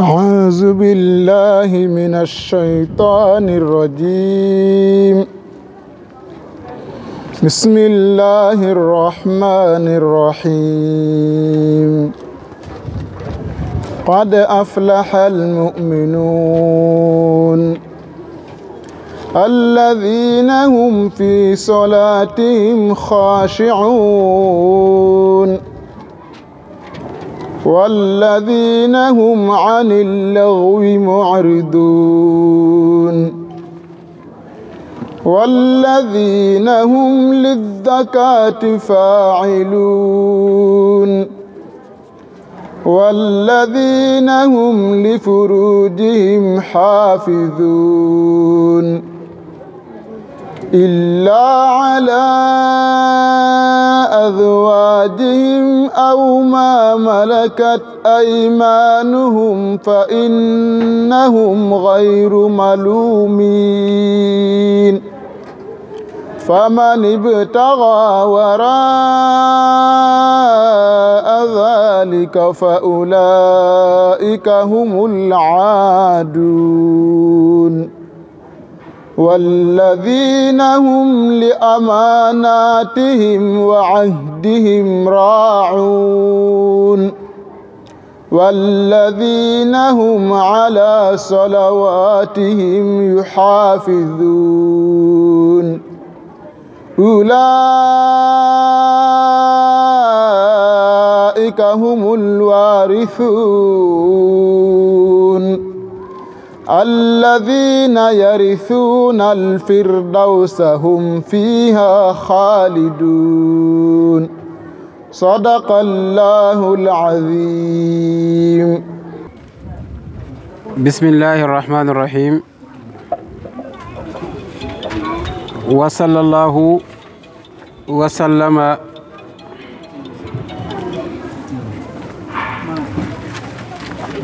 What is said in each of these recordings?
أعوذ بالله من الشيطان الرجيم بسم الله الرحمن الرحيم قد أفلح المؤمنون الذين هم في صلاتهم خاشعون والذين هم عن اللغو معرضون والذين هم للزكاة فاعلون والذين هم لفروجهم حافظون إلا على أذوادهم أو ما ملكت أيمانهم فإنهم غير ملومين فمن ابتغى وراء ذلك فأولئك هم العادون والذين هم لأماناتهم وعهدهم راعون والذين هم على صلواتهم يحافظون أولئك هم الوارثون الذين يرثون الفردوس هم فيها خالدون صدق الله العظيم بسم الله الرحمن الرحيم وصلى الله وسلم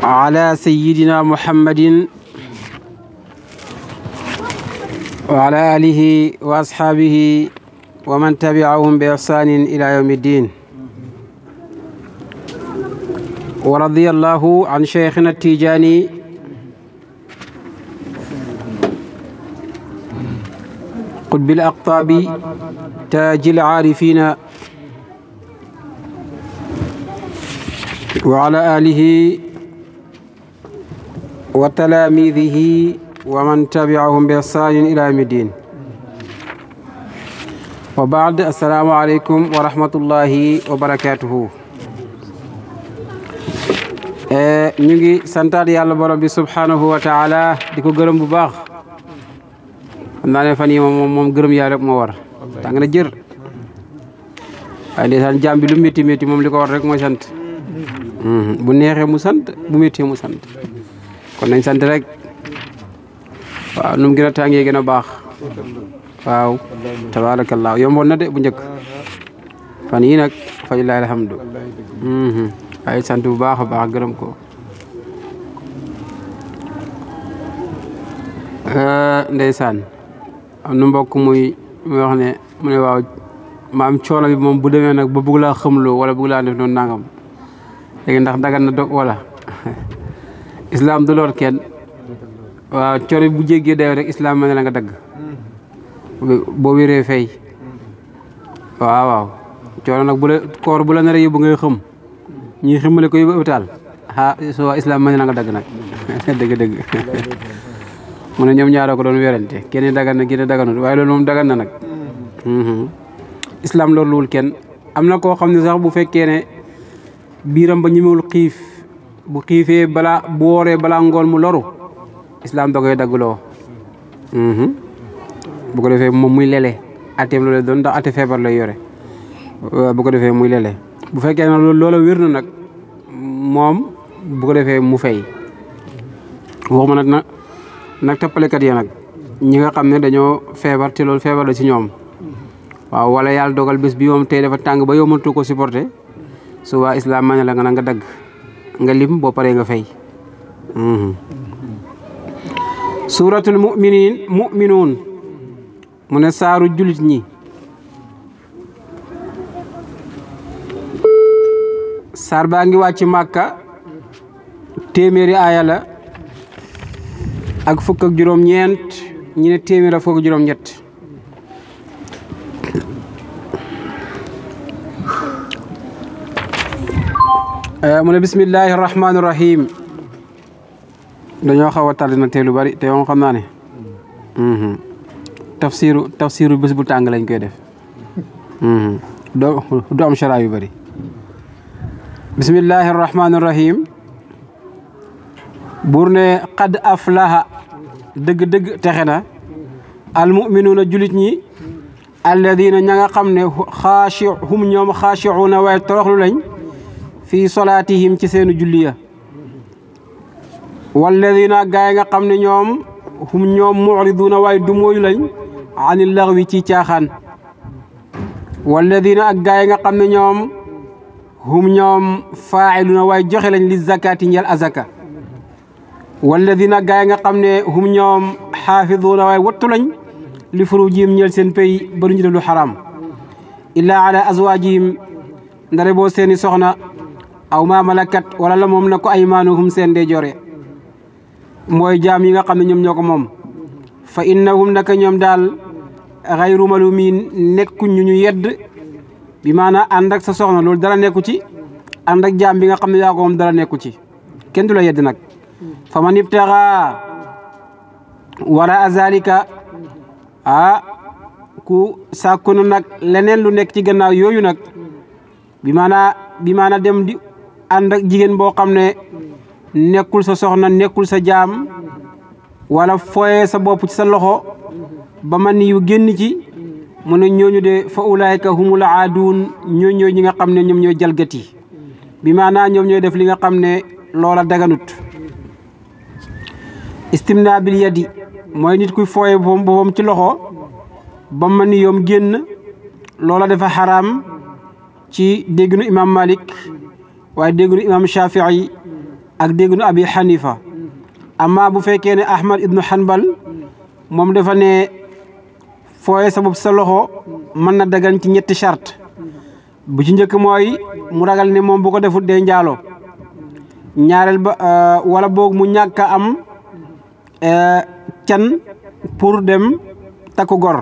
على سيدنا محمد وعلى آله وأصحابه ومن تبعهم بإحسان إلى يوم الدين ورضي الله عن شيخنا التيجاني قطب الأقطاب تاج العارفين وعلى آله وتلاميذه waa man tabiahum bi ihsaanin ila yawmi diin wa baad assalaamu aleykum wa rahmatullahi wa barakaatuhu ñu ngi santaat yàlla borom bi subhanahu wa taala di ko gërëm bu baax xam fan yi moom moom gërëm yàlla rek moo war tàng na jër waaye ndeysaan jaam bi lu métti métti moom li ko war rek mooy sant hmm, bu neexee mu sant bu méttee mu sant kon nañ sant rek waaw nu mu gën a tàngee gën a baax waaw tabaarakallaa yomboon na de bu njëkk fan yii nag falilahi alhamdu mhm. ay sant bu baax a baax gërëm ko euh, ndeysaan am nu mbokk muy muy wax ne mu ne waaw maam coono moom bu demee nag ba bëgg laa xamloo wala bëgg laa def noonu nangam léegi ndax dagan na dog wala islam du lor kenn waaw cori bu jéggee dayoo rek islam ma na nga dagg hmm. boo wéree fay hmm. waaw waaw coono nag bu la koor bu la nar a yóbbu ngay xëm ñuy xëmmale ko yóbbu hôpital soo islam mën na nga dagg nag dëgg dëgg mu ne ñoom ñaaroo ko doon werante kenn dagan na kenn daganut waaye loolu moom dagan na nag hmm. islam loolu luwul kenn am na koo xam ne sax bu fekkee ne biiram ba ñemewul xiif bu xiifee balaa bu wooree balaa ngoon mu loru islam da koy dagguloo mhm. bu ko defee moom muy lele ateem loolu doon ndax ate feebar lay yore bu ko defee muy lele bu fekkee nag loola wér na nag moom bu ko defee mu fay waxuma nag nag nag tappalekat ya nag ñi nga xam ne dañoo feebar te loolu feebar la ci ñoom waaw wala yàlla dogal bés bi moom tey dafa tàng ba yow mënatu ko supporter su waa islam ma ne la nga na nga dagg nga lim boo paree nga fay mhm. suuratul muminin muminuun mu ne saaru jullit ñi saar baa ngi wàcc màkka téeméeri aaya la ak fukk ak juróom ñeent ñi ne téeméer ak fukk juróom ñett eh, mu ne bismillahi rahmaani rahim dañu xawa tal dina té lu bari té yon xamna né hmm tafsir tafsir bëss bu tang lañ koy def hmm do do am sharaa yu bari بسم الله الرحمن الرحيم بورنا قد افلح دغ دغ تخنا المؤمنون جوليت ني الذين نيغا خامني خاشعهم نيوم خاشعون ويترخلو لاني في صلاتهم تي سينو جوليه والذين غاغا خامني نيوم هم نيوم معرضون واي دموي لاي عن اللغو تي تياخان والذين غاغا خامني نيوم هم نيوم فاعلون واي جخي لاي للزكاه نيال ازكا والذين غاغا خامني هم نيوم حافظون واي وتو لاي لفروجيم نيال سين بي بارو نديرو حرام الا على ازواجهم ndare bo seni soxna aw ma malakat wala la mom nako aymanuhum sen mooy jaam yi nga xam ne ñoom ñoo ko moom fa innahum naka ñoom daal xayru malumin nekkuñ ñu ñu yedd bi maanaam ànd ak sa soxna loolu dara nekku ci ànd ak jaam bi nga xam ne yaa ko moom dara nekku ci kenn du la yedd nag fa man ibtaxa wara azalika ah ku sàkku nag leneen lu nekk ci gannaaw yooyu nag bi maanaa bi maanaa dem di ànd jigéen boo xam ne nekkul sa soxna nekkul sa jaam wala fooyee sa bopp ci sa loxo ba man yu génn ci mu ne ñooñu de fa ulaayka humul aaduun ñoo ñooy ñi nga xam ne ñoom ñooy jalgati bi maanaa ñoom ñooy def li nga xam ne loola daganut istimna bil yadi mooy nit kuy fooye boppam ci loxo ba man yoom génn loola dafa xaraam ci dégginu imaam Malik waaye dégginu imaam Shafii ak dégginu abi xanifa amma bu fekkee ne ahmad ibnu hanbal moom dafa ne fooye sabab sa loxo mën na dagan ci ñetti charte bu ci njëkk mooy mu ragal ne moom bu ko defut dee njaalo ñaareel ba euh, wala boog mu ñàkk a am euh, can pour dem takku gor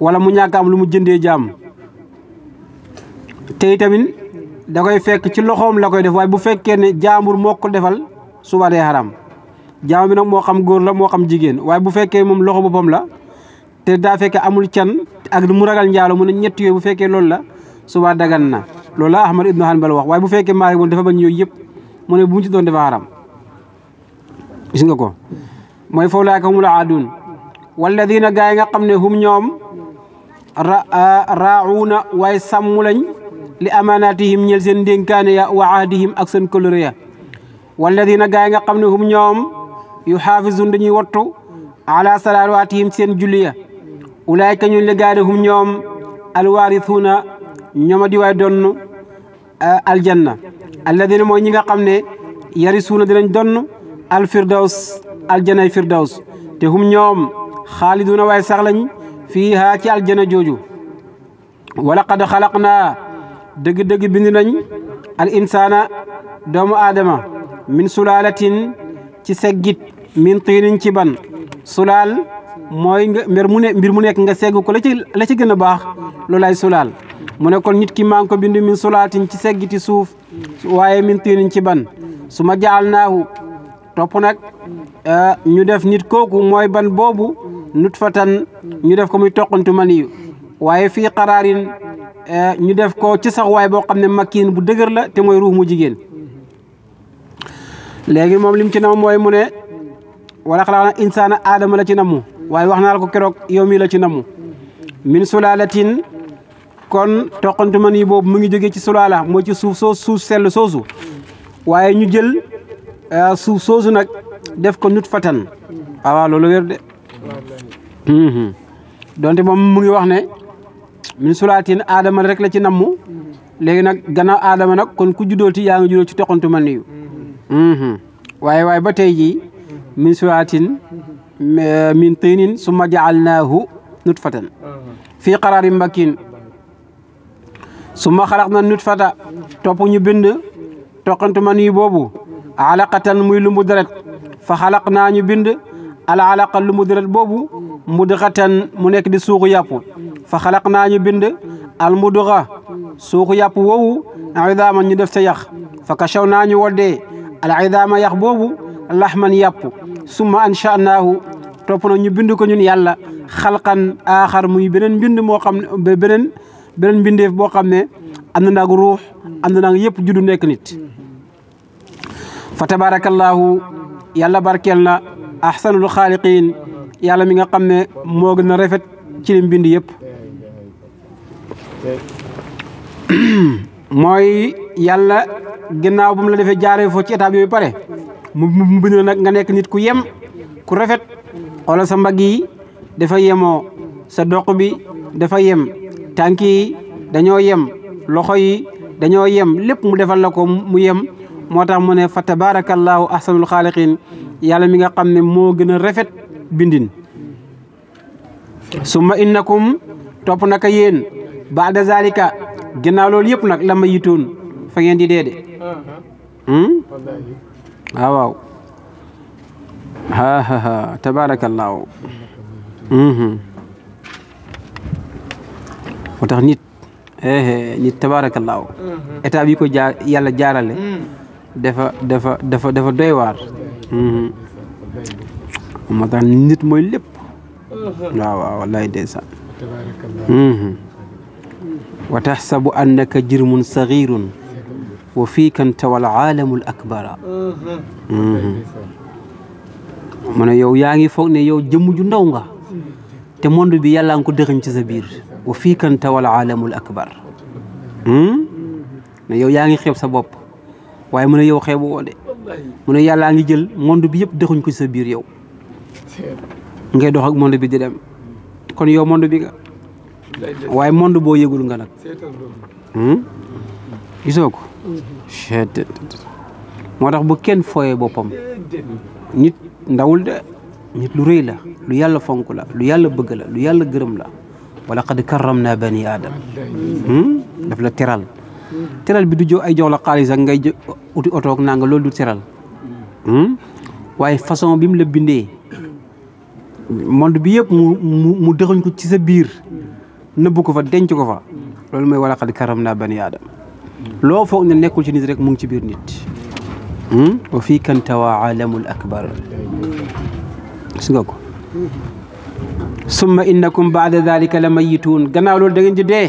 wala mu ñàkk am lu mu jëndee jaam te tamit da koy fekk ci loxoom la koy def waaye bu fekkee ne jaambur moo ko defal suba dee xaram jaam bi nag moo xam góor la moo xam jigéen waaye bu fekkee moom loxo boppam la te daa fekkee amul can ak mu ragal njaalo mu ne ñett yooyu bu fekkee loolu la suba dagan na loolu la Ahmad ibnu Hanbal wax waaye bu fekkee Maalik defa ba bañ yooyu yëpp mu ne bu mu ci doon dafa xaram gis nga ko mooy foofu laay ko mu la aadun walladina gaa yi nga xam ne hum ñoom raawuna waaye sàmm lañ li amaanaatihim ñel seen ndénkaane ya wa ahdihim ak seen kóllëre ya walladina gaa yi nga xam ne hum ñoom yu xaafisun dañuy wattu ala salawaatihim seen julli ya ulaayka ñu li gaa ne hum ñoom alwaarisuuna ñooma di waay donn eh, aljanna mooy ñi nga xam ne yarisuuna dinañ donn alfirdaws aljanay firdaws te hum ñoom xaaliduuna waay sax lañ fiihaa ci aljana jooju walaqad xalaqnaa deug deug bind nañ al insana doomu adama min sulalatin ci seggit min tinin ci ban sulal moy nga mer mu ne mbir mu nek nga segg ko la ci la ci gëna bax mu ne kon nit ki man ko bind min sulatin ci seggiti suuf waye min tinin ci ban suma ma top nak euh, ñu def nit koku moy ban bobu nutfatan ñu def ko muy maniyu waaye fi qaraarin eh, ñu def ko ci saxuwaay boo xam ne makkiin bu dëgër la te mooy ruux mu jigéen léegi moom lim ci nam mooy mu ne wala xalaana insaana aadama la ci namu waaye wax naa la ko keroog yow mii la ci namu min sulaalatin kon toqantu man yi boobu mu ngi jógee ci sulaala mooy ci suuf soosu suuf sell soosu waaye ñu jël eh, suuf soosu nag def ko nut fatan ah, waaw loolu de hmm, hmm. donte moom mu ngi wax ne min sulaatin aadama rek la ci nammu léegi nag gannaaw aadama nag kon ku juddooti yaa ngi juddoo ci toqantu ma niyu mhm. waaye waaye ba tey jii min sulaatin eh, min tiinin summa jaalnaahu nutfatan fii qararin makin summa xalaq na nutfata topp ñu bind toqantu ma niyu boobu alaqatan muy lumbu deret fa xalaq naa ñu bind ala alaqal lu mu deret boobu mudxatan mu nekk di suuxu yàpp fa xalaq naa ñu bind al mudxa suuxu yàpp woowu idaama ñu def sa yax fa kachaw naa ñu woddee al idaama yax boobu laxman yàpp summa anshanaahu topp na ñu bind ko ñun yàlla xalqan aaxar muy beneen mbind moo xam ne beneen beneen mbindeef boo xam ne ànd naag ruux ànd naag yëpp juddu nekk nit fa tabaarakallaahu yàlla barkeel na ahsanul xaaliqiin yàlla mi nga xam ne moo gën a rafet ci li mbind yëpp mooy yàlla ginnaaw bu la defee jaaree foo ci étape yooyu pare mu mu bind nag nga nekk nit ku yem ku rafet xoolal sa mbagg yi dafa yemoo sa doq bi dafa yem tànk yi dañoo yem loxo yi dañoo yem lépp mu defal la ko mu yem moo tax mu ne fa tabaarakallaahu ahsanul xaaliqiin yàlla mi nga xam ne moo gën a rafet bindin summa innakum topp naka yéen baada zalika ginnaaw loolu yëpp nag la ma yitoon fa ngeen di dee de hmm? waaw waaw ha ha ha tabaarakallaahu hmm, hmm. moo tax nit eh, eh, nit tabaarakallaahu état bi ko jaarale dafa dafa dafa dafa doy waar. moo tax nit mooy lépp. waaw waaw wallaay ndeysaan. wa taxsabu annaka jirmun sagiirun wa fiika anta wal aalamu al akbara. mu ne yow yaa ngi foog ne yow jëmm ju ndaw nga. te monde bi yàlla nga ko dëxañ ci sa biir. wa fiika anta wal aalamu al akbar. ne yow yaa ngi xeeb sa bopp. waaye mu ne yow xeebu woo de mu ne yàllaa ngi jël monde bi yëpp dexuñ koy sa biir yow ngay dox ak monde bi di dem kon yow monde bi nga waaye monde boo yëgul nga nag hmm? gisoo ko moo tax bu kenn fooyee boppam nit ndawul de nit lu rëy la lu yàlla fonk la lu yàlla bëgg la lu yàlla gërëm la wala qad karram naa bani aadam hmm? daf la teral teral bi du jow ay jox xaalis ak ngay uti oto ak nanga loolu du teral hmm? waaye façon bi mu la bindee monde bi yëpp mu mu ko ci sa biir nëbbu ko fa denc ko fa loolu mooy wala xad karam naa bani aadam loo foog ne nekkul ci nit rek mu ngi ci biir nit hmm? wa fii kantawa alamul akbar gis nga ko baada dalika la mayituun gannaaw loolu da ngeen ci dee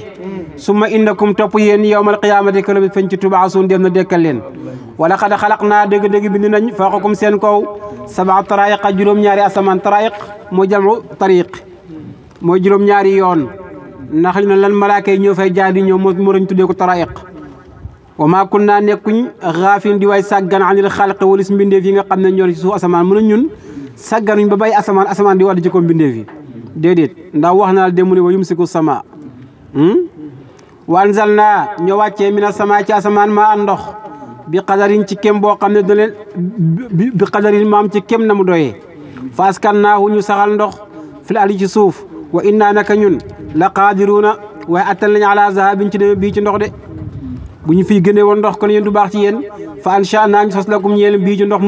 summa innakum topp yawmal qiyamati qiyaamati këla bi dem na dekkal len wala qad khalaqna deug deug bind nañ faqakum sen ko sab'a tariq jurum ñaari asamaan tariq mo jamu tariq mo jurum ñaari yon ndax lan malaaka ñoo fay jaar di mo moo moo ko tariq wa ma kunna naa nekkuñ xaafin di way sàggan anil wal ism binde fi nga xamne ñoo ci su asamaan mu ñun sàgganuñ ba bay asamaan asamaan di wad ci ko binde fi dedet ndax waxnal naa la wa yumsiku وانزلنا نواتي من السماء تي اسمان ما اندخ بقدرين تي كيم بو خامني دولين بقدرين مام تي كيم نامو دوي فاسكناه اندخ في الالي تي واننا نك نون لقادرون واتل نني على ذهب تي دي بي تي ندخ دي بو ني في غني وون دوخ كون يندو باخ تي يين فان شاء الله نصص لكم يين بي تي ندخ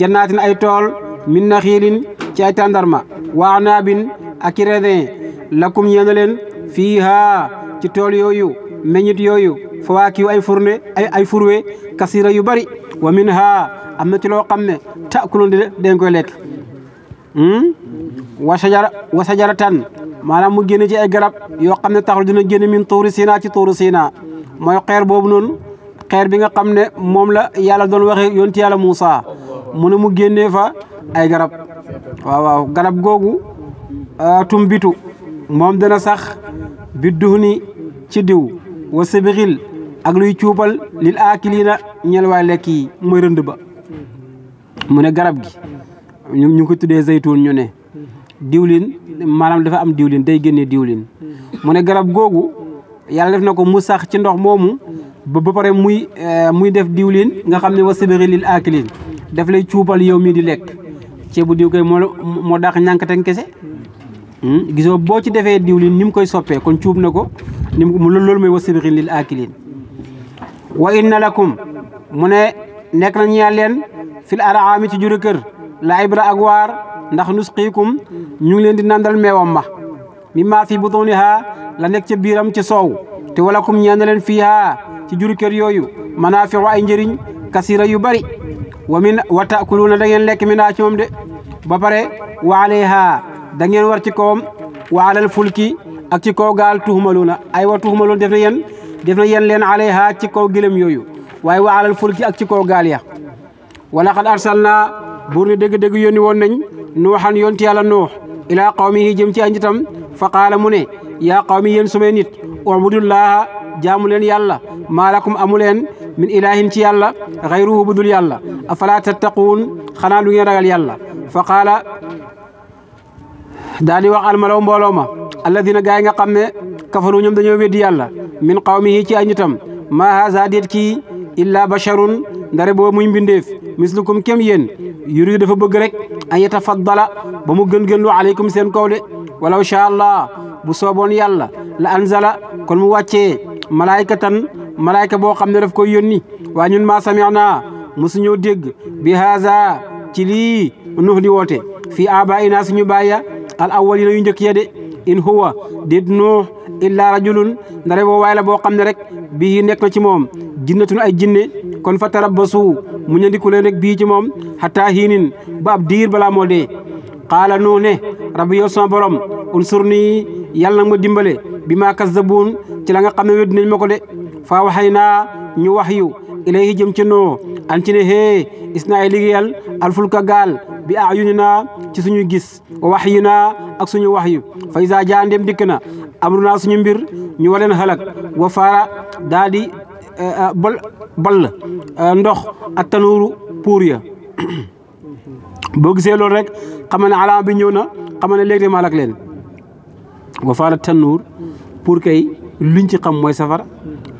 جنات اي تول من نخيل تي اي تاندارما وعناب اكيرين لكم يين فيها ci tool yooyu meññit yooyu fawaakiyu ay furne ay ay furwe kasira yu bari wa min ha am na ci loo xam ne taakulun di den koy lekk hmm? wa sajara wa sajaratan maanaam mu génne ci ay garab yoo xam ne taxul dina génne min tuuri sina ci tuuri sina mooy xeer boobu noonu xeer bi nga xam ne moom la yàlla doon waxee yonti yàlla Moussa mu mu génne fa ay garab waaw waaw garab googu ah, tumbitu moom dana sax bi duhni ci diw wa sibiril ak luy cuubal lil aakiliina ñel waay lekk yi mooy rënd ba mu ne garab gi ñu ngi ko tuddee zaytuun ñu ne diwlin maanaam dafa am diwlin day génne diwlin mu ne garab googu yàlla def na ko mu sax ci ndox moomu ba ba pare muy euh, muy def diwlin nga xam ne wa sibiri lil aakilin def lay cuubal yow mii di lekk ceebu diw kay moo moo dàq kese Hmm? gisoo boo ci defee diwlin ni mu koy soppee kon cuub na ko ni mu loolu mooy wasabirin lil aakilin wa inna lakum mu ne nekk na ñeel leen fil araami ci juri kër la ibra ak waar ndax nusqiikum ñu ngi leen di nandal meewam ma mimma fi butuniha la nekk ca biiram ci soow te wala kum ñeel na leen fiiha ci juri kër yooyu manaafiu ay njëriñ kasira yu bari wa min wa taakuluuna da ngeen lekk min haa ci moom de ba pare wa alayha dangeen war ci kawam waalal fulki ak ci ko gal tuhmaluna ay wa tuhmalun defna yen defna yen len yéen leen alayha ci kaw gëlëm yooyu waaye waalal fulki ak ci ko gal ya wala xad arsalna buur deug deug yoni won nañ nuhan yonti yàlla nuh ila qawmihi jëm ci anjitam fa qaala qawmi yen sumay nit ubudullaaha jaamu leen yàlla malakum amulen من min ilaahin ci غيره بدل budul أفلا تتقون خنا xanaa du ngeen daal di wax almalaw mbooloo ma alladina gaa yi nga xam ne kafaru ñoom dañoo weddi yàlla min qawmihi ci ay ñitam maa haasa déet illa basharun ndare boo muy mbindeef mislukum kem yéen yuri dafa bëgg rek an yatafaddala ba mu gën gën lu aleykum seen kaw walaw sha allah bu sooboon yàlla la anzala kon mu wàccee malaayka tan malaayka boo xam ne daf koy yónni waa ñun maa sami'naa mosuñoo dégg bi haasa ci lii nuux di woote fii suñu baaya al awwalina yu njëkk ya de in huwa déet nuux illa rajulun ndare boo waay boo xam ne rek bii nekk na ci moom jinnatun ay jinne kon fa tarabbasu mu ñandiku leen rek bii ci moom xataa hiinin ba ab diir balaa moo dee qaala nuux ne rabbi yow sama borom unsur nii yàlla ma dimbale bi maa kazzabuun ci la nga xam ne wedd nañ ma ko de faa waxay naa ñu wax yu ilayhi jëm ci noo an ci ne hee is naa ay liggéeyal alfulka gaal bi ayuninaa ci suñu gis wax yu naa ak suñu wax yu fa isa jaa ndem dikk na amru naa suñu mbir ñu waleen xalak wa faara daadi di eh, eh, bal eh, ndox ak tanuuru puur ya boo gisee loolu rek xama ne alaama bi ñëw na xam na léegi ma alak leen wa faara tanuur pour kay luñ ci xam mooy safara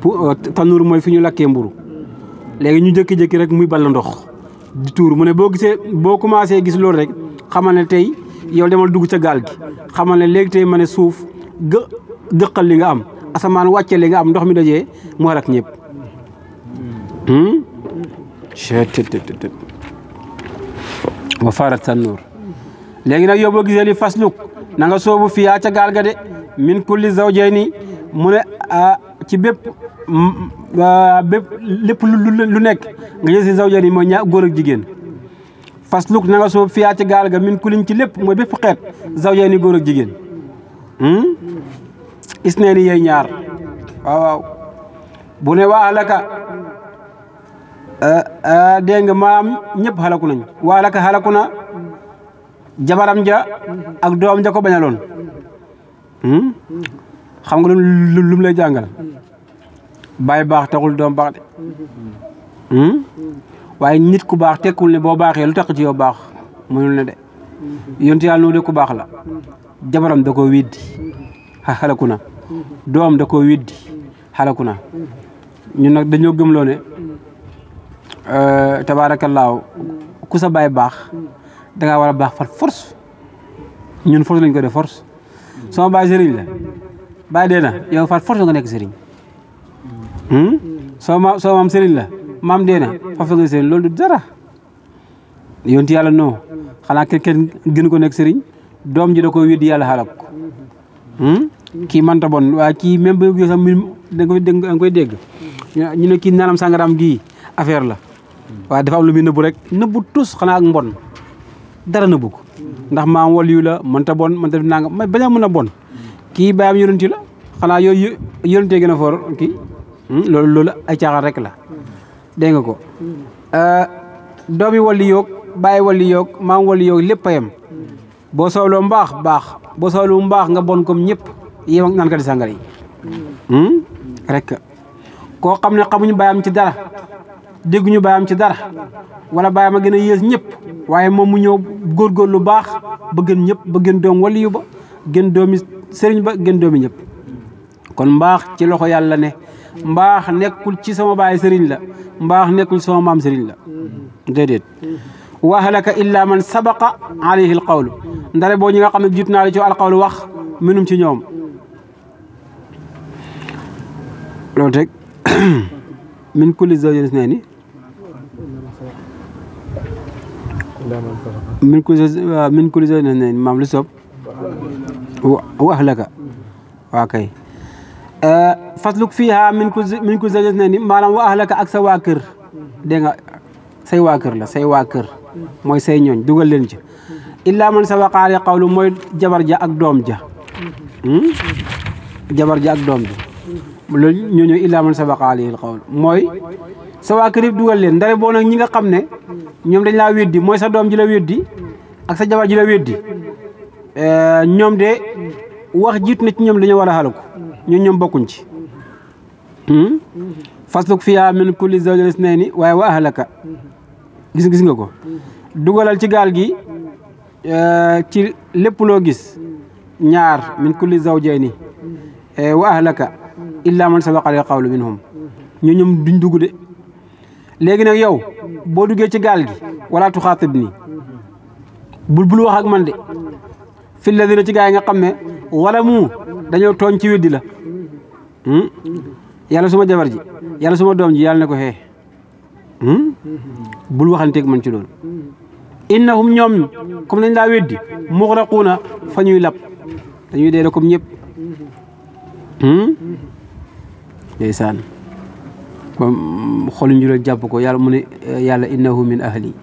pour tanuur mooy fi ñu lakkee mburu léegi ñu jëkki-jëkki rek muy ball ndox di tuur mu ne boo gisee boo commencé gis loolu rek xamal ne tey yow demal dugg ca gaal gi xamal ne léegi tey ma ne suuf gë gëqal li nga am asamaan wàcce li nga am ndox mi dajee moo rak ñëpp. Hmm? wa farat sa nuur léegi nag yow boo gisee li fasluk na nga soobu fiyaa ca gaal ga de min kulli zawjayni mu ne ah, ci bépp mm, bépp lépp lu nekk nga jël si zawjaan yi mooy ñaar góor jigéen fasluk na nga soob fiyaa ci gaal ga min kulin ci lépp mooy bépp xeet zawjaan yi góor jigéen hmm? isneen yi ñaar waaw waaw bu ne waa halaka eh, eh, dégg nga maam ñëpp xalaku nañ waa halaka xalaku na jabaram ja ak doom ja ko bañaloon hmm? xam nga lu mu lay jàngal bàyyi baax taxul doom baax de hmm? waaye nit ku baax tekkul ne boo baaxee lu tax ci yow baax mënul ne de yontu yàlla noo de ku baax la jabaram da koo widdi xalaku na doom da koo widdi xalaku na ñun nag dañoo gëmloo ne euh, tabaarakallaahu ku sa baay baax dangaa war a baax far force ñun force lañ ko def force sama baay sëriñ la baay dee na yow far force nga nekk sëriñ Hmm? so ma so mam serigne la mam deena fa fa serigne lolou dara yonti yalla no xana ken gën ko nek serigne dom ji da ko wedd yalla halak hmm? ki man ta bon wa ki même bu min da ngoy deg ngoy deg ñu ne ki nanam sangaram gi affaire la wa dafa am lu mi neub rek neub tous xana ak mbon dara na bug ndax ma wal yu la man ta bon man ta nangam may baña mëna bon ki bayam yonenti la xana yoy yonenti gëna for ki Hmm, loolu loolu ay caaxaan rek la dégg nga ko euh, doomi wali yoog bàyyi wali yoog maam wali yoog lépp a yem boo sooloo mbaax baax boo sooloo mbaax nga bon comme ñëpp yéem ak naan ka di sàngara yi hmm? rek koo xam ne xamuñu bàyyam ci dara dégguñu bàyyam ci dara wala bàyyam a gën a yées ñëpp waaye moom mu ñëw góorgóor lu baax ba gën ñëpp ba gën doom ba gën doomi sëriñ ba gën doomi ñëpp kon mbaax ci loxo yàlla ne mbax nekul ci sama baye serigne la mbax nekul sama mam serigne la dedet wa halaka illa man sabaqa alayhi alqawl ndare bo ñinga xamne xam la ci alqawl wax minum ci ñom loolu tek min kulli zawjin isnayni من كل من كل زين isnayni maam lu soob wa ahlaka Euh, fasluk fiha min ku min ku zajas na ni maanaam wa ahlaka ak sa waa kër dégg nga say waa kër la say waa kër mooy say ñooñ dugal leen ci illa man sabaqa li qawlu mooy jabar ja ak doom ja hmm? jabar ja ak doom ja loolu ñooñu illa man sabaqa li qawlu mooy sa waa kër yëpp dugal leen ndare boo nag ñi nga xam ne ñoom dañ laa weddi mooy sa doom ji la weddi ak sa jabar ji la weddi euh, ñoom de wax jiit na ci ñoom dañoo war a xalaku ñu ñoom bokkuñ ci hmm? fasluk fiyaa min kulli zawjin ni waaye wa ahlaka gis gis nga ko dugalal ci gaal gi eh, ci lépp loo gis ñaar min kulli zawjayni eh, wa ahlaka illa man sabaqa al qawlu minhum ñoo ñoom duñ dugg de léegi nag yow boo duggee ci gaal gi wala tuxaatib nii bul bul man de fi ladina ci gaa yi nga xam ne wala mu dañoo tooñ ci weddi la Hmm? yalla suma jabar ji yalla suma dom ji yalla nako he hmm bul ak man ci loolu innahum ñom comme lañ laa weddi mughraquna fa ñuy lab dañuy dee comme ñëpp hmm? ndeysaan ba ñu njural japp ko yalla mu ne yalla innahu min ahli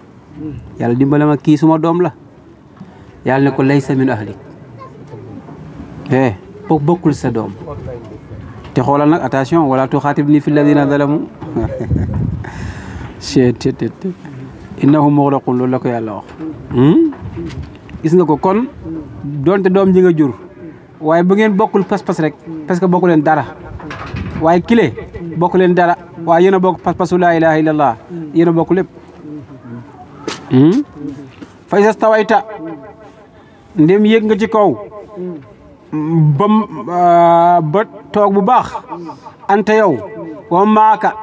yalla dimbale ma suma dom la yalla ne ko laysa min ahli eh bokul sa dom te xoolal nag attention wala tuxaatibni fi lladina ah. zalamu cettt innahum muxlaqun loolu la ko yàlla wax hmm? gis nga ko kon doonte doom ji nga jur waaye bu bokkul pas-pas rek parce que bokku leen dara waaye kile bokku leen dara waaye yéen a bokk pas-pasu laa ilaha illallah yéen a bokk lépp hmm? fa isa stawayta ndem yéeg nga ci kaw ba ah, ba toog bu baax anta yow wa maaka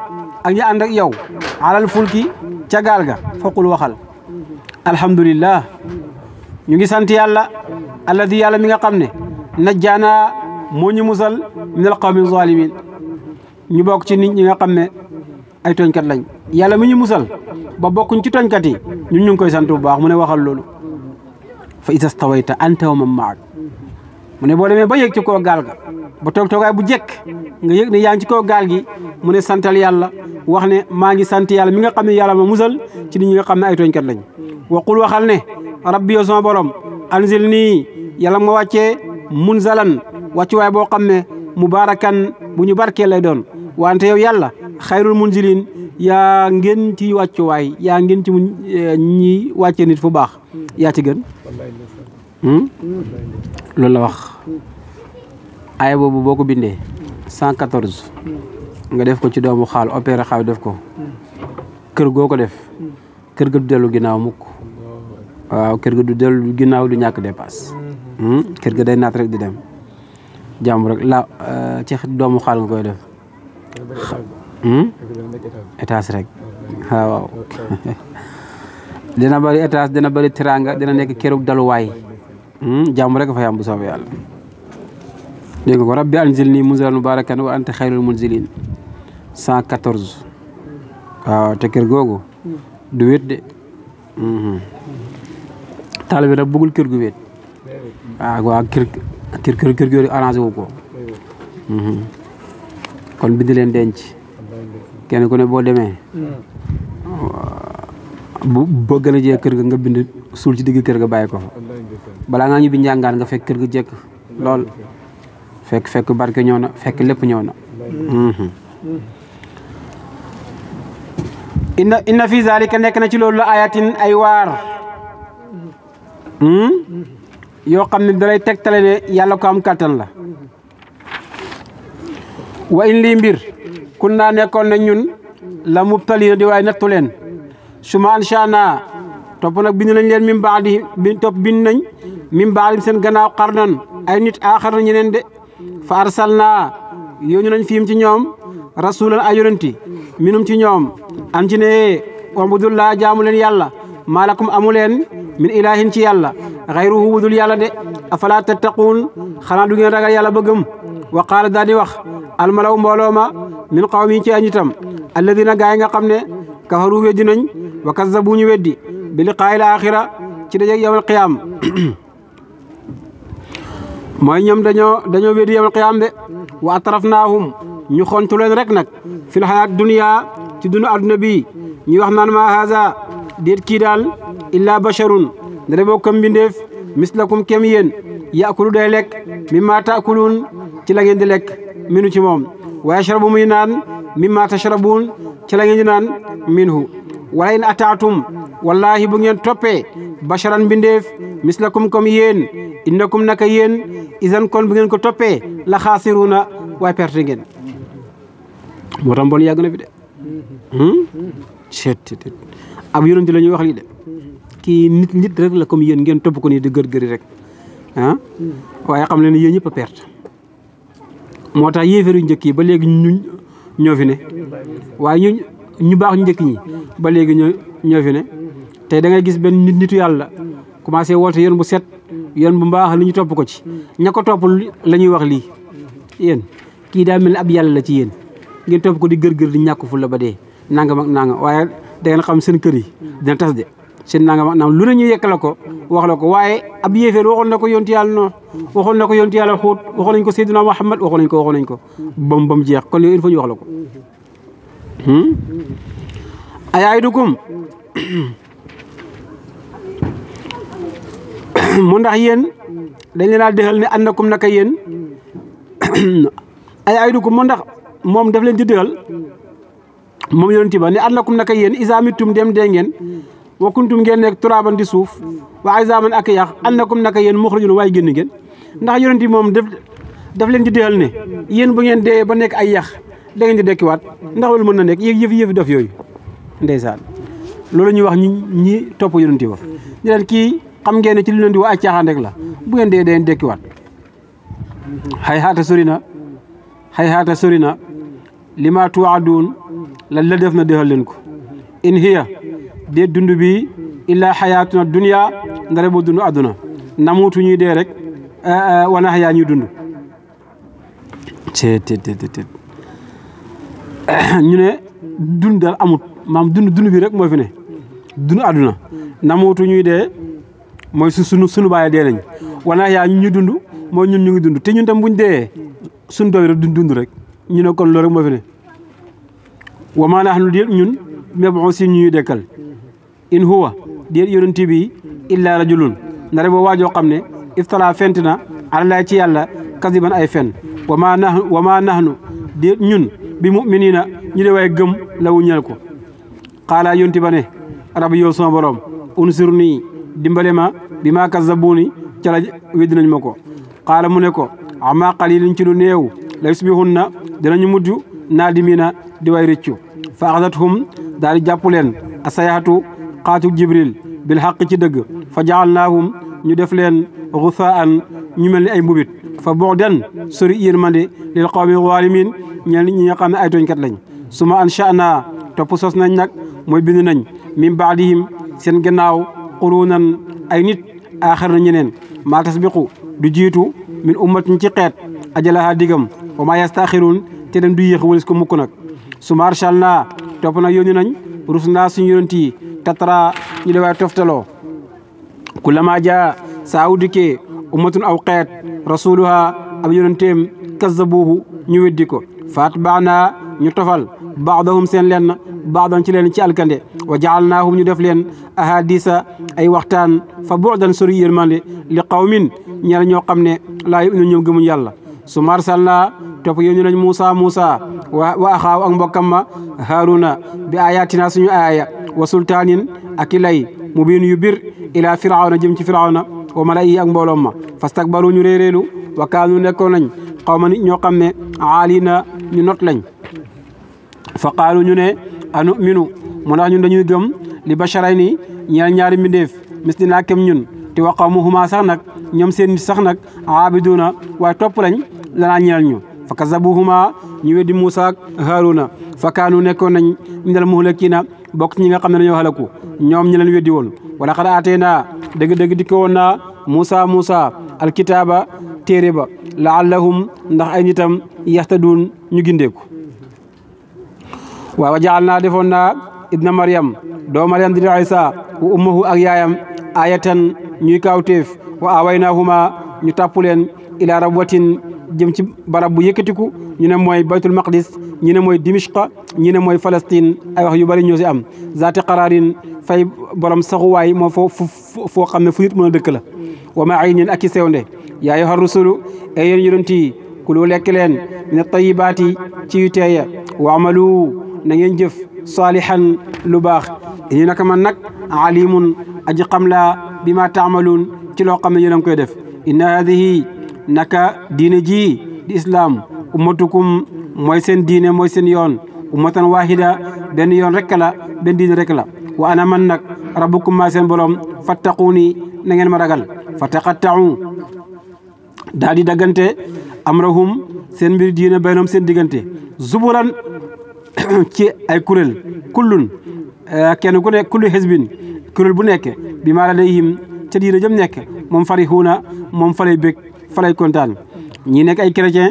ak ñi ànd ak yow alal fulki ca gaal ga foqul waxal alhamdulillah ñu ngi sant yàlla alladi yàlla mi nga xam ne na najjaana moo ñu musal min al qawmi zalimin ñu bokk ci nit ñi nga xam ne ay tooñkat lañ yàlla mi ñu musal ba bokkuñ ci tooñkat yi ñun ñu ngi koy sant bu baax mu ne waxal loolu fa ida stawayta anta wa man maak mu ne boo demee ba yëg ci kaw gaal ga ba toog toogaay bu jekk nga yëg ne yaa ngi ci kaw gaal gi mu ne santal yàlla wax ne maa ngi sant yàlla mi nga xam ne yàlla ma musal ci nit ñi nga xam ne ay tooñkat lañ waqul waxal ne rabbi yow sama borom anzil nii yàlla ma wàccee mun munzalan wàccuwaay boo xam ne mubarakan bu ñu barkee lay doon wante yow yàlla xayrul munzilin yaa ngeen ci wàccuwaay yaa ngeen ci mu eh, ñi wàccee nit fu baax yaa ci gën hmm? la wax aaya boobu boo ko bindee cent quatorze nga def ko ci doomu xaal opéré xaaw def ko kër goo ko def kër ga du dellu ginnaaw mukk waaw kër ga du dellu ginnaaw du ñàkk dépasse hmm? kër ga day naat rek di dem jàmm rek la euh, ci doomu xaal nga koy def hmm? étage rek waaw dina bari étage dina bari teraanga dina nekk kërub daluwaay hmm? jàmm rek fa yam bu soobee yàlla dégg ko rabbi anzilni munzalan mubarakan wa anta khairul munzilin 114 waaw te kër gogo du wet de mhm. taalibe nag bugul kër gu wét go ker ker kër kër kër gi arrangé wu ko mhm. kon bind len denc kenn ko ne bo demee bu bëgg na jé kër ga nga bind sul ci digg kër ga bayiko ko nga ñu bi nga fekk kër ga jekk lool fekk fekk barke ñëw na fekk lépp ñëw na mhm. inna inna fi zalika nekk na ci loolu la ayatin ay waar mhm. yoo xam ne dalay tegtale ne yàlla ko am kàttan la wa in lii kun naa nekkoon na ñun la mubtaliina di waay nattu leen suma ansha naa topp nag bind nañ leen min baax seen gannaaw xarnan ay nit aaxar na ñeneen de fa arsalnaa yónni nañ fiim ci ñoom rasulan ay yonenti ci ñoom am ci ne laa jaamu leen yàlla maalakum amu leen min ilaahin ci yàlla xayruhu wudul yàlla de afalaa tattaquun xanaa du ngeen yàlla bëggëm wa qaala daal di wax almalaw mbooloo ma min qawmi ci a alladina gaay nga xam ne kafaru weddi nañ wa da ñu weddi bi liqaayil aaxira ci daje yawmal qiyaam moy ñoom dañoo dañoo wéeru yamul qiyam de wa atrafnaahum ñu xontu leen rek nak fil hayat dunya ci dunu aduna bi ñi wax naan ma haza déet ki dal illa basharun ndare boo kam mbindeef mislakum kem yéen yaakulu day lek mimma taakulun ci la ngeen di lek minu ci mom wa yashrabu muy naan mimma tashrabun ci la ngeen di naan minhu wala in ataatum wallahi bu ngeen toppee basharan bindef mislakum kom yéen innakum naka izan kon bu ngeen ko topé la khasiruna way perte ngeen moo tax mbon yàgg na fi de hmm? cet ab yoonu di lañu wax li de ki nit nit rek la comme yéen ngeen top ko ni de geur geuri rek ah waye xam leen yeen ñepp perte mota tax yéeféeru ba léegi ñu ñoo fi ne waye ñu ñu baax njëkk ñi ba ñoo ne tay da ngay gis ben nit nitu yalla commencé wolte yeen bu set yoon bu mbaax li ñu topp ko ci ña ko toppul la ñuy wax lii kii daa mel ni ab yàlla la ci yéen ngeen topp ko di gër-gër di ñàkk fu la ba dee nanga ak nangam waaye da xam seen kër yi dina tas de seen nangam ak nangam lu ne ñu yekk la ko wax la ko waaye ab yéeféer waxoon na ko yonti yàlla non waxoon na ko yonti yàlla wax waxoon nañ ko Seydina Muhammad waxoon nañ ko waxoon nañ ko bam bam jeex kon yooyu il faut wax la ko hmm? ayaayidukum mu ndax yéen dañ leen a dexal ne na annakum naka yéen ay aydukum mu ndax moom daf leen di dexal moom yonent ba ne na annakum naka yéen tum dem dee ngeen wa kuntum ngeen nekk turaaban di suuf wa isaaman ak yax na annakum naka yéen muxrijun waaye génn ngeen ndax yonent bi moom daf daf leen di dexal ne yéen bu ngeen dee ba nekk ay yàq da di dekkiwaat ndax loolu mën na nekk yëf yëf yëf daf yooyu ndeysaan loolu ñuy wax ñi ñi topp yonent xam ngeen ne ci lu leen di woo ay caaxaan rek la bu ngeen dee deen dekkiwaat xay xaata sori na xay xaata sori na li ma tuwaaduun la def na defal leen ko in hiya dee dund bi illaa xayaatuna dunya ndare bo dund àdduna namuutu ñuy dee rek eh, eh, wana xayaa ñuy dund teet teet ne dund daal amut maam dund dund bi rek moo fi ne dund àdduna ñuy dee mooy su sunu sunu bàyyi dee nañ yaa ñu ñu dund moo ñun ñu ngi dund te ñun tam buñ dee sunu doom yi dund rek ñu ne kon loolu rek moo ne wa maa nahnu déet ñun mebon si ñuy dekkal in huwa déet yonent bi illa rajulun ndare boo waajoo xam ne iftara fent na alallaay ci yàlla kasiban ay fen wa maa nahnu wa maa nahnu déet ñun bi muminina ñu de waay gëm lawu ñel ko xaala yonti ba ne rab yow sama borom unsur nii dimbale ma bi maa kazzabuuni ca la weddi nañ ma ko xaala mu ne ko ama qalilin ci lu néew la yusbihunna dinañu mujj naadimina di way rëccu fa axadathum daal di jàpp leen asayaatu xaatu jibril bil xaq ci dëgg fa jaalnaahum ñu def leen gusaan ñu mel ni ay mbubit fa boo den ma yërmande lil qawmi waalimin ñeel ñi nga xam ne ay tooñkat lañ suma ansha naa topp sos nañ nag mooy bind nañ min baadihim seen gannaaw qurunan ay nit aaxar na ñeneen maa tasbiqu du jiitu min ummatin ci xeet ajalaha digam wa maa yastaaxirun te dem du yéex walis ko mukk su marshal naa topp nag yónni nañ rus naa suñu ñu de waay toftaloo kullama jaa saa wu dikkee ummatun aw xeet rasuluha ab yonenteem kazzabuuhu ñu weddi faat baax naa ñu tofal baadahum seen leen lenn baadan ci leen ci alkande wa jaalnaahum ñu def leen ahadisa ay waxtaan fa buudan sori yërmande li qawmin ñeneen ñoo xam ne lay yu'minu ñoom gëmuñ yàlla su marsalna topp yónni nañ Moussa Moussa wa axaaw ak mbokkam ma Haruna bi ayatina suñu aaya wa sultaanin ak i lay mubiin yu bir ila firawna jëm ci firawna wa mala'i ak mbooloom ma fastakbaru ñu réeréelu wa kaanu nekkoon nañ xaw ma nit ñoo xam ne aaliina ñu not lañ fa qaalu ñu ne anu minu mu ndax ñun dañuy gëm li basharay ni ñeel ñaari mbindeef mislina kem ñun te wa qawmuhuma sax nag ñoom seen sax nag na waaye topp lañ lanaa ñeel ñu fa kazabuhuma ñu weddi Muusa ak Haaruna fa kaanu nekkoon nañ indal muhlakiina bokk ci ñi nga xam ne dañoo xalaku ñoom ñi leen weddi woon wala xad aateenaa dëgg-dëgg dikko woon naa Muusa Muusa alkitaaba téere ba laallahum ndax ay nitam yaxtaduun ñu gindeeku waaw jaal na defoon na ibna mariam doo mariam di isa wa ummuhu ak yaayam ayatan ñuy kawteef wa ma ñu tàpp leen ila rabwatin jëm ci barab bu yëkkatiku ñu ne mooy baytul maqdis ñu ne mooy dimishqa ñu ne mooy Palestine ay wax yu bari ñoo si am zaati qaraarin fay borom saxuwaay moo foo xam ne fu nit mën a dëkk la wa ma ay nin ak i sewnde yaa ayyuha rusulu ay yéen yonent yi kulu lekk leen ne tayibaati ci yu wa amalu na ngeen jëf saalihan lu baax ini naka man nag alimun aji xam laa bi ma taamaluun ci loo xam ne yéen a koy def inna hadihi naka diine ji di islaam ummatukum mooy seen diine mooy seen yoon ummatan wahida benn yoon rek la benn diine rek la wa ana man nag rabbukum maa seen borom fattaquuni na ngeen ma ragal fataqattau daal di daggante amrahum seen mbir diine baynoom seen diggante zuburan ci ay kuréel kullun euh, kenn ku nekk kullu xisbin kuréel bu nekk bi maa ladayhim ca diina jëm nekk moom farihuuna moom falay bég falay kontaan ñi nekk ay chrétien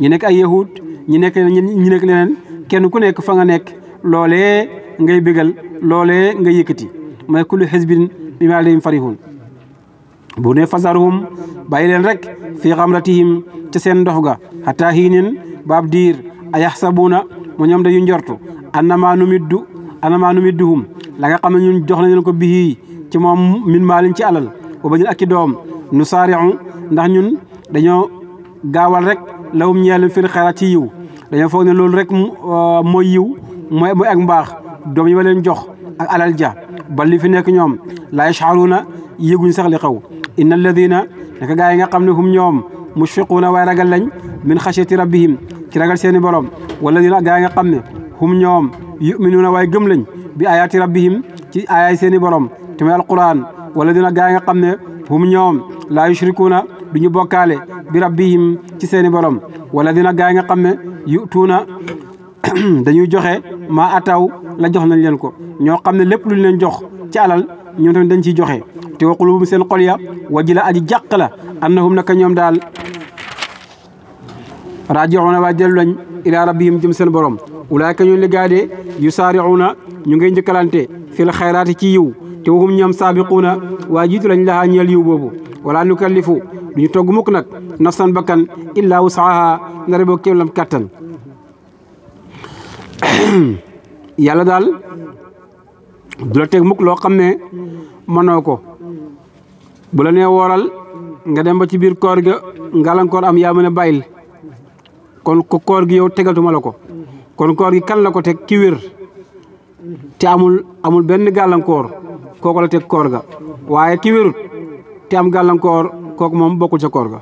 ñi nekk ay yahud ñi nekk ñi nekk leneen kenn ku nekk fa nga nekk loolee ngay bégal loole ngay yëkkati mooy kullu xisbin bi maa ladayhim farihuun bu ne fasaruhum bàyyi leen rek fii xamratihim ca seen ndox ga xataa hiinin baab diir ayaxsabuuna mu ñoom dañu ñortu anama nu middu annama nu midduhum la nga xamne ñun jox nañu ko bihi ci mom min malin ci alal wa bañu akki dom doom nu saariu ndax ñun dañu gawal rek lawum ñeelum fil khairat ci yiw dañu foog ne rek moy yiw moy mooy ak mbax dom yi walen jox ak alal ja ba li fi nek ñom la yashaaruuna yëguñ sax li xaw innal alladina naka gaay nga xamne hum ñom mushfiquna waaye ragal lañ min khashyati rabbihim ci ragal seeni borom walladina gaa yi nga xam ne hum ñoom yuminuuna waaye gëm lañ bi ayaati rabbihim ci ayaay seeni borom te muy alquran walladina gaa yi nga xam ne hum ñoom laa yushrikuuna du ñu bokkaale bi rabbihim ci seeni borom walladina gaa yi nga xam ne yutuuna dañuy joxe maa ataw la jox nañ leen ko ñoo xam ne lépp luñ leen jox ci alal ñoom tamit dañ ciy joxe te wa quluubum seen xol ya wajila aji jàq la annahum naka ñoom daal raajiuuna waa dellu lañ ilaa rabbihim jëm seen borom ulaayka ñoo ligaadee yusaariuuna ñu ngay njëkkalante fil xayraati ci yiw te waxum ñoom saabiquuna waa jiitu lañ laxaa ñeel yiw boobu wala nukallifu duñu togg mukk nag nafsan bakkan illaa wusaaha ndare boo kéem lam kàttan yàlla daal du la teg mukk loo xam ne mënoo ko bu la nee wooral nga dem ba ci biir koor ga ngalankoor am yaa mën a bàyyil kon ko koor gi yow tegatuma la ko mm-hmm. kon koor gi kan la ko teg ki wér mm-hmm. te amul amul benn gàllankoor mm-hmm. kooku la teg koor ga waaye ki te am gàllankoor kooku moom bokkul ca koor ga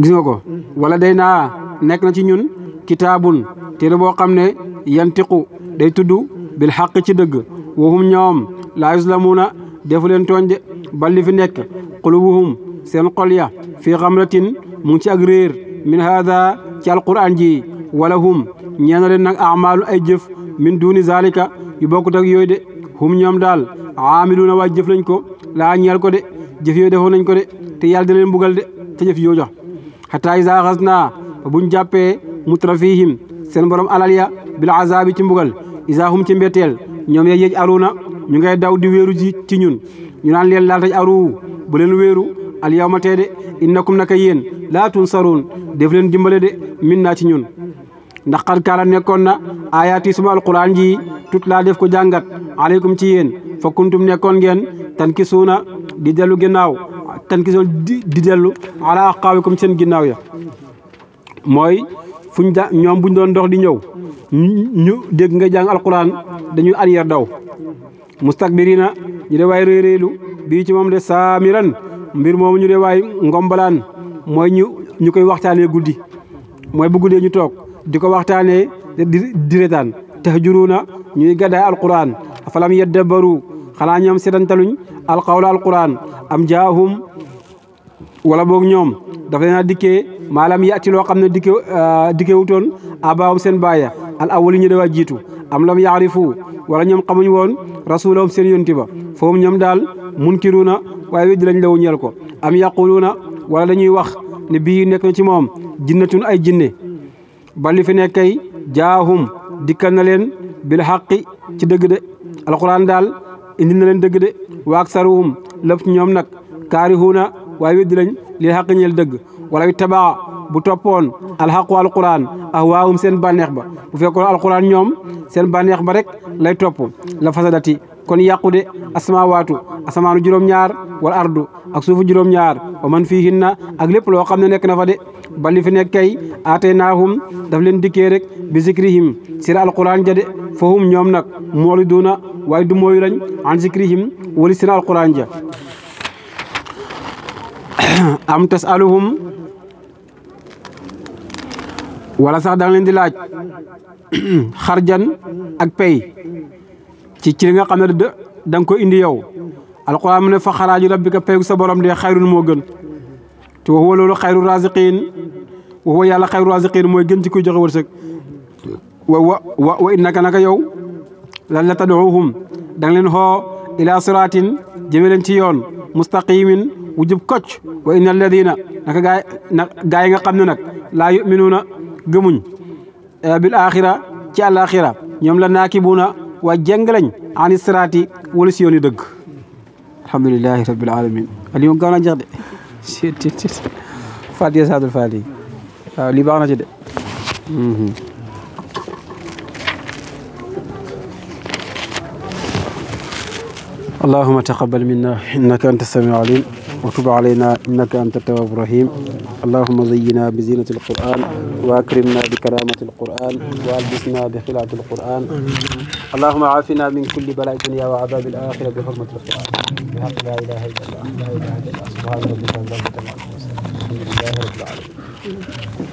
gis ko walla day na nekk na ci ñun kitaabun téere boo xam ne yanti yantiqu day tudd bil xaq ci dëgg waxum ñoom laa yuslamuuna defu leen tooñ de bal fi nekk qulubuhum seen xol ya fii xamratin mu ngi ci ak min haada ci alquran ji wala hum ñee na leen nag amaalu ay jëf min duuni zalika yu bokkut ak yooyu de hum ñoom daal na waa jëf lañ ko laa ñeel ko de jëf yooyu defoon nañ ko de te yàlla da leen bugal de te jëf yooja xataa isa xas naa buñ jàppee mutrafihim seen borom alal bila bil azaabi ci mbugal isa hum ci mbetteel ñoom ye yej aruna ñu ngay daw di wéeru ji ci ñun ñu naan leen laal taj aru bu leen wéeru alyawma tey de innakum naka yéen laa tunsaruun def leen dimbale de min naa ci ñun ndax xar kaana nekkoon na aayaati suma alquran ji tut laa def ko jàngat aleykum ci yéen fa kuntum nekkoon ngeen tan ki suuna di dellu ginnaaw tan ki suuna di dellu ala aqaawikum seen ginnaaw ya mooy fuñ da ñoom buñ doon dox di ñëw ñu dégg nga jàng alquran dañuy arrière daw mustakbirina ñu de waay bii ci moom de saamiran mbir moomu ñu dee waay ngombalaan mooy ñu ñu koy waxtaanee guddi mooy bu guddee ñu toog di ko waxtaanee di di retaan tahjuruuna ñuy gaddaay alquran afalam yaddabaru xanaa ñoom setantaluñ alqawla alquran am jaahum wala boog ñoom daf leen a dikkee maalam yaati loo xam ne dikke dikke wutoon abaawum seen baaya al awali ñu dawaa jiitu am lam yaarifu wala ñoom xamuñ woon rasulahum seen yonti ba foofu ñoom daal munkiruuna waaye weddi lañ law ko am yaquluuna wala lañuy wax ne bii nekk na ci moom jinnatun ay jinne ba li fi nekk kay jaahum dikkal na leen bil xaqi ci dëgg de alquran daal indi na leen dëgg de wa aksaruhum lëf ci ñoom nag kaarihuuna waaye wi lañ lil xaqi ñeel dëgg wala ittabaa bu toppoon alxaqu alquran ahwaahum seen bànneex ba bu fekkoon alquran ñoom seen bànneex ba rek lay topp la fasadati kon yàqu de asmaawaatu asamaanu juróom-ñaar wal ardu ak suufu juróom-ñaar wa man fiihinna ak lépp loo xam ne nekk na fa de bali fi nekk kay aataynaahum daf leen dikkee rek bi zikrihim sira alquran ja de fahum ñoom nag mooliduuna waaye du mooyu lañ an zikrihim wali sira alquran ja am tasaluhum wala sax da leen di laaj xarjan ak pay ci ci li nga xam ne da nga ko indi yow alquran mu ne fa xaraaju rabbika paygu sa borom de xayrul moo gën te waxuwa loolu xayru raziqin waxuwa yàlla xayru raziqin mooy gën ci kuy joxe wërsëg wa wa wa wa innaka naka yow lan la tad'uuhum da nga leen xoo ila siraatin jëme leen ci yoon mustaqimin wu jub kocc wa inna alladina naka gaay na gaay yi nga xam ne nag laa yuminuuna gëmuñ bil axira ci àlaxira ñoom la naakibuuna وجنجلن عن السراتي ولسيوني دغ الحمد لله رب العالمين اليوم كان جاد فادي سعد الفادي اللي بانا جاد اللهم تقبل منا انك انت السميع العليم وتب علينا إنك أنت التواب الرحيم اللهم زينا بزينة القرآن وأكرمنا بكرامة القرآن وألبسنا بخلعة القرآن اللهم عافنا من كل بلاء الدنيا وعذاب الآخرة بحرمة القرآن بحق لا إله إلا الله لا إله إلا الله سبحان ربك رب العالمين الحمد لله رب العالمين